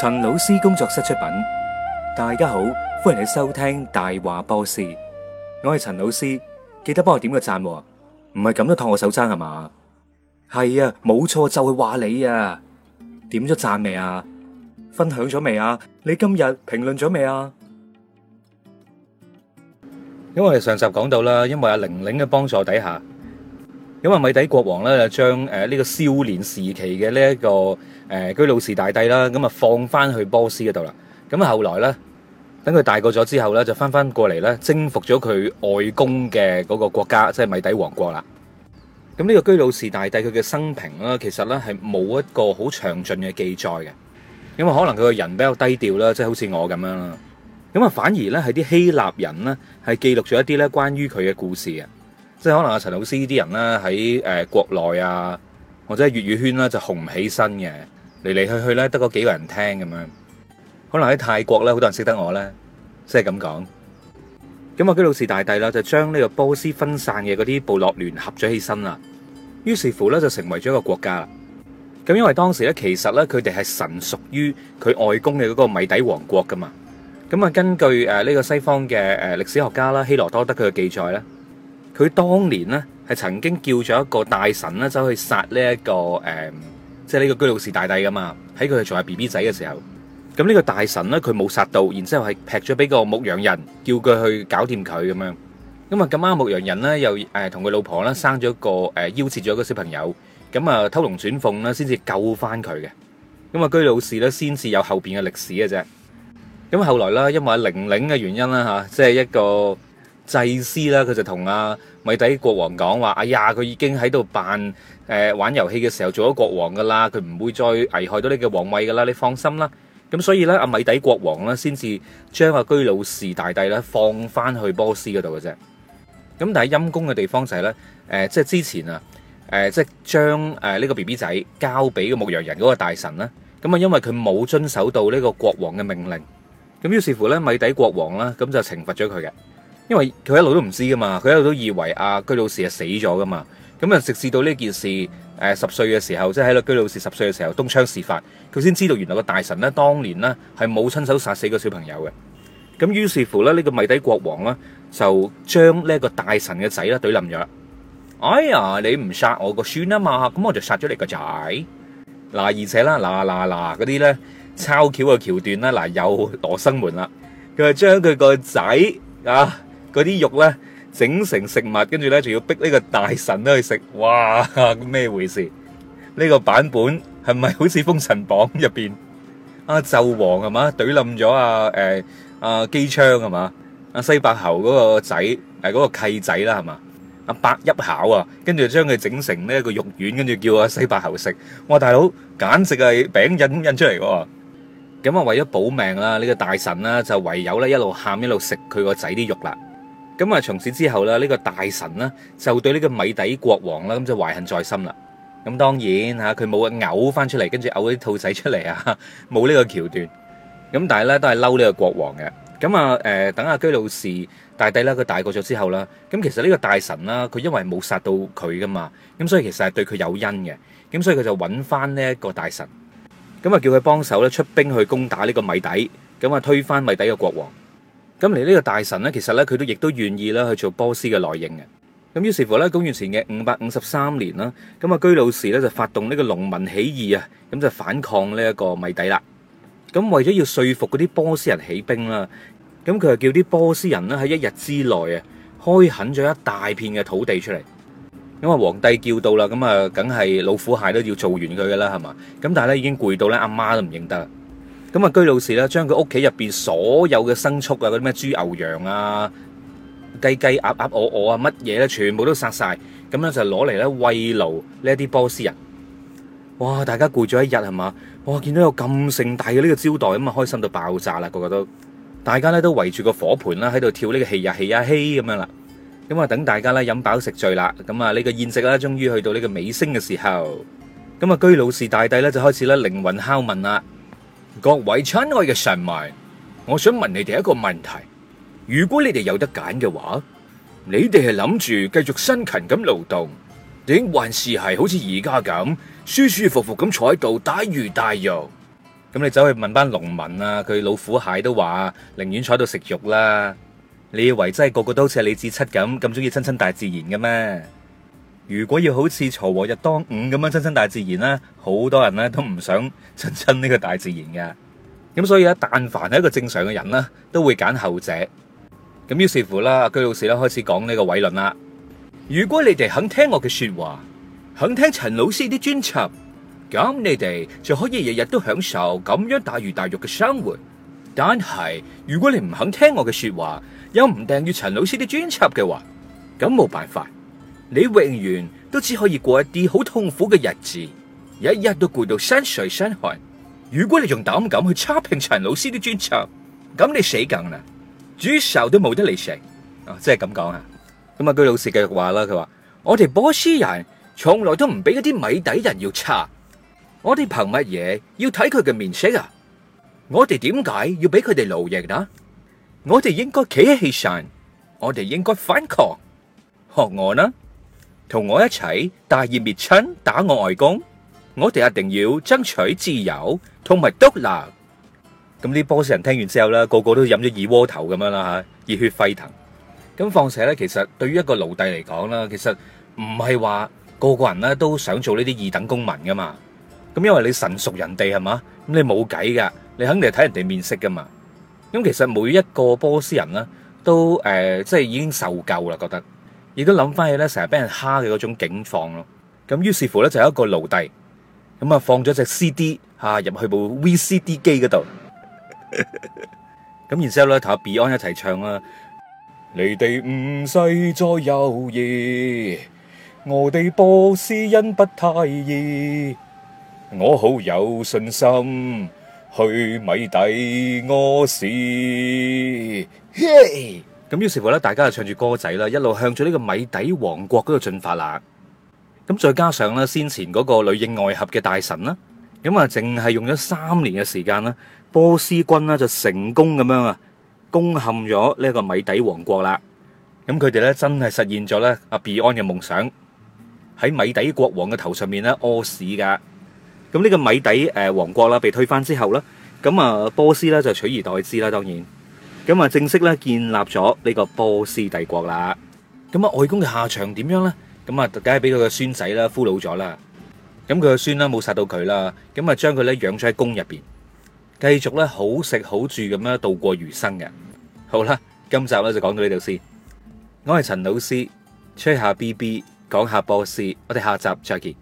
陳老師工作室出品，大家好，歡迎你收聽大話波斯。我係陳老師，記得幫我點個讚，唔係咁都托我手踭係嘛？係啊，冇錯就會話你啊，點咗讚未啊？分享咗未啊？你今日評論咗未啊？因為上集講到啦，因為阿玲玲嘅幫助底下。因為米底國王咧，就將誒呢將個少年時期嘅呢一個誒、呃、居魯士大帝啦，咁啊放翻去波斯嗰度啦。咁後來咧，等佢大個咗之後咧，就翻翻過嚟咧，征服咗佢外公嘅嗰個國家，即係米底王國啦。咁呢個居魯士大帝佢嘅生平咧，其實咧係冇一個好詳盡嘅記載嘅，因為可能佢個人比較低調啦，即係好似我咁樣啦。咁啊，反而咧係啲希臘人咧係記錄咗一啲咧關於佢嘅故事嘅。即係可能阿陳老師呢啲人啦，喺、呃、誒國內啊，或者係粵語圈啦、啊，就紅唔起身嘅，嚟嚟去去咧得嗰幾個人聽咁樣。可能喺泰國咧，好多人識得我咧，即係咁講。咁阿居魯士大帝啦，就將呢個波斯分散嘅嗰啲部落聯合咗起身啦，於是乎咧就成為咗一個國家啦。咁因為當時咧，其實咧佢哋係臣屬於佢外公嘅嗰個米底王國噶嘛。咁啊，根據誒呢個西方嘅誒歷史學家啦，希羅多德佢嘅記載咧。佢當年呢，係曾經叫咗一個大臣呢，走去殺呢、這、一個誒、呃，即係呢個居魯士大帝噶嘛，喺佢係仲係 B B 仔嘅時候，咁呢個大臣呢，佢冇殺到，然之後係劈咗俾個牧羊人，叫佢去搞掂佢咁樣。咁啊，咁啱牧羊人呢，又誒同佢老婆呢，生咗一個誒夭折咗嘅小朋友，咁啊偷龍轉鳳呢，先至救翻佢嘅。咁啊居魯士呢，先至有後邊嘅歷史嘅啫。咁後來咧，因為玲玲嘅原因啦吓、啊，即係一個。祭司啦，佢就同阿、啊、米底國王講話，哎呀，佢已經喺度扮誒玩遊戲嘅時候做咗國王噶啦，佢唔會再危害到你嘅皇位噶啦。你放心啦。咁所以咧，阿、啊、米底國王咧先至將阿居魯士大帝咧放翻去波斯嗰度嘅啫。咁但係陰公嘅地方就係咧，誒即係之前啊，誒、呃、即係將誒呢個 B B 仔交俾個牧羊人嗰個大臣啦。咁啊，因為佢冇遵守到呢個國王嘅命令，咁於是乎咧，米底國王咧咁就懲罰咗佢嘅。因為佢一路都唔知噶嘛，佢一路都以為阿居魯士啊死咗噶嘛，咁啊直至到呢件事，誒、呃、十歲嘅時候，即係喺度居魯士十歲嘅時候東窗事發，佢先知道原來個大臣咧當年呢係冇親手殺死個小朋友嘅，咁於是乎咧呢個米底國王咧就將呢個大臣嘅仔咧懟冧咗，哎呀你唔殺我個孫啊嘛，咁我就殺咗你個仔，嗱而且啦嗱嗱嗱嗰啲咧抄橋嘅橋段啦，嗱有羅生門啦，佢將佢個仔啊。嗰啲肉咧整成食物，跟住咧仲要逼呢個大臣都去食，哇！咩回事？呢個版本係咪好似《封神榜》入邊？阿紂王係嘛，懟冧咗阿誒阿姬昌係嘛？阿西伯侯嗰個仔誒嗰個契仔啦係嘛？阿伯邑考啊，跟住將佢整成呢一個肉丸，跟住叫阿西伯侯食。我大佬簡直係餅印印出嚟喎！咁啊，為咗保命啦，呢個大臣啦就唯有咧一路喊一路食佢個仔啲肉啦。咁啊！從此之後啦，呢個大神啦就對呢個米底國王啦咁就懷恨在心啦。咁當然嚇佢冇嘔翻出嚟，跟住嘔啲兔仔出嚟啊，冇呢個橋段。咁但係咧都係嬲呢個國王嘅。咁啊誒，等阿居魯士大帝咧，佢大個咗之後啦，咁其實呢個大神啦，佢因為冇殺到佢噶嘛，咁所以其實係對佢有恩嘅。咁所以佢就揾翻呢一個大神，咁啊叫佢幫手咧出兵去攻打呢個米底，咁啊推翻米底嘅國王。咁嚟呢個大臣咧，其實咧佢都亦都願意啦去做波斯嘅內應嘅。咁於是乎咧，公元前嘅五百五十三年啦，咁啊居魯士咧就發動呢個農民起義啊，咁就反抗呢一個米底啦。咁為咗要說服嗰啲波斯人起兵啦，咁佢就叫啲波斯人咧喺一日之內啊開墾咗一大片嘅土地出嚟。因為皇帝叫到啦，咁啊梗係老虎蟹都要做完佢噶啦，係嘛？咁但係咧已經攰到咧阿媽都唔認得。咁啊，居魯士咧，將佢屋企入邊所有嘅牲畜啊，嗰啲咩豬牛羊啊、雞雞鴨鴨鵝鵝啊，乜嘢咧，全部都殺晒。咁咧就攞嚟咧慰勞呢一啲波斯人。哇！大家攰咗一日係嘛？哇！見到有咁盛大嘅呢個招待，咁啊開心到爆炸啦！個個都，大家咧都圍住個火盆啦，喺度跳呢個氣呀、啊、氣呀希咁樣啦。咁啊，等大家咧飲飽食醉啦。咁啊，呢、這個宴席咧終於去到呢個尾聲嘅時候，咁啊，居魯士大帝咧就開始咧靈魂拷問啦。各位親愛嘅神迷，我想問你哋一個問題：如果你哋有得揀嘅話，你哋係諗住繼續辛勤咁勞動，定還是係好似而家咁舒舒服服咁坐喺度大魚大肉？咁、嗯、你走去問班農民啊，佢老虎蟹都話寧願坐喺度食肉啦。你以為真係個個都似李子柒咁咁中意親親大自然嘅咩？如果要好似鋤禾日當午咁樣親親大自然咧，好多人咧都唔想親親呢個大自然嘅。咁所以咧，但凡係一個正常嘅人咧，都會揀後者。咁於是乎啦，居老師咧開始講呢個偉論啦。如果你哋肯聽我嘅說話，肯聽陳老師啲專輯，咁你哋就可以日日都享受咁樣大魚大肉嘅生活。但係如果你唔肯聽我嘅說話，又唔訂閱陳老師啲專輯嘅話，咁冇辦法。你永遠都只可以過一啲好痛苦嘅日子，日日都攰到身水身汗。如果你仲膽敢去差評陳老師啲專輯，咁你死梗啦，煮壽都冇得你食啊！即係咁講啊。咁啊，居老師繼續話啦，佢話我哋波斯人從來都唔俾嗰啲米底人要差，我哋憑乜嘢要睇佢嘅面色啊？我哋點解要俾佢哋奴役啦？我哋應該企喺氣上，我哋應該反抗，學我啦！同我一齊大義滅親打我外公，我哋一定要爭取自由同埋獨立。咁啲波斯人聽完之後啦，個個都飲咗二鍋頭咁樣啦吓，熱血沸騰。咁況且咧，其實對於一個奴隸嚟講啦，其實唔係話個個人咧都想做呢啲二等公民噶嘛。咁因為你臣服人哋係嘛，咁你冇計噶，你肯定係睇人哋面色噶嘛。咁其實每一個波斯人咧都誒，即係已經受夠啦，覺得。亦都諗翻起咧，成日俾人蝦嘅嗰種境況咯。咁於是乎咧，就有一個奴隸咁啊，放咗隻 CD 嚇入去部 VCD 機嗰度。咁 然之後咧，同阿 Beyond 一齊唱啊！你哋唔使再猶豫，我哋波斯因不太易，我好有信心去米底屙屎。Hey! 咁於是乎咧，大家就唱住歌仔啦，一路向住呢個米底王國嗰度進發啦。咁再加上咧，先前嗰個裏應外合嘅大臣啦，咁啊，淨係用咗三年嘅時間啦，波斯軍呢就成功咁樣啊攻陷咗呢一個米底王國啦。咁佢哋咧真係實現咗咧阿 Beyond 嘅夢想，喺米底國王嘅頭上面咧屙屎㗎。咁、這、呢個米底誒王國啦被推翻之後啦，咁啊波斯咧就取而代之啦，當然。咁啊，正式咧建立咗呢個波斯帝國啦。咁啊，外公嘅下場點樣咧？咁啊，梗係俾佢嘅孫仔啦俘虜咗啦。咁佢嘅孫啦冇殺到佢啦，咁啊將佢咧養咗喺宮入邊，繼續咧好食好住咁樣度過餘生嘅。好啦，今集咧就講到呢度先。我係陳老師，吹下 BB，講下波斯。我哋下集再見。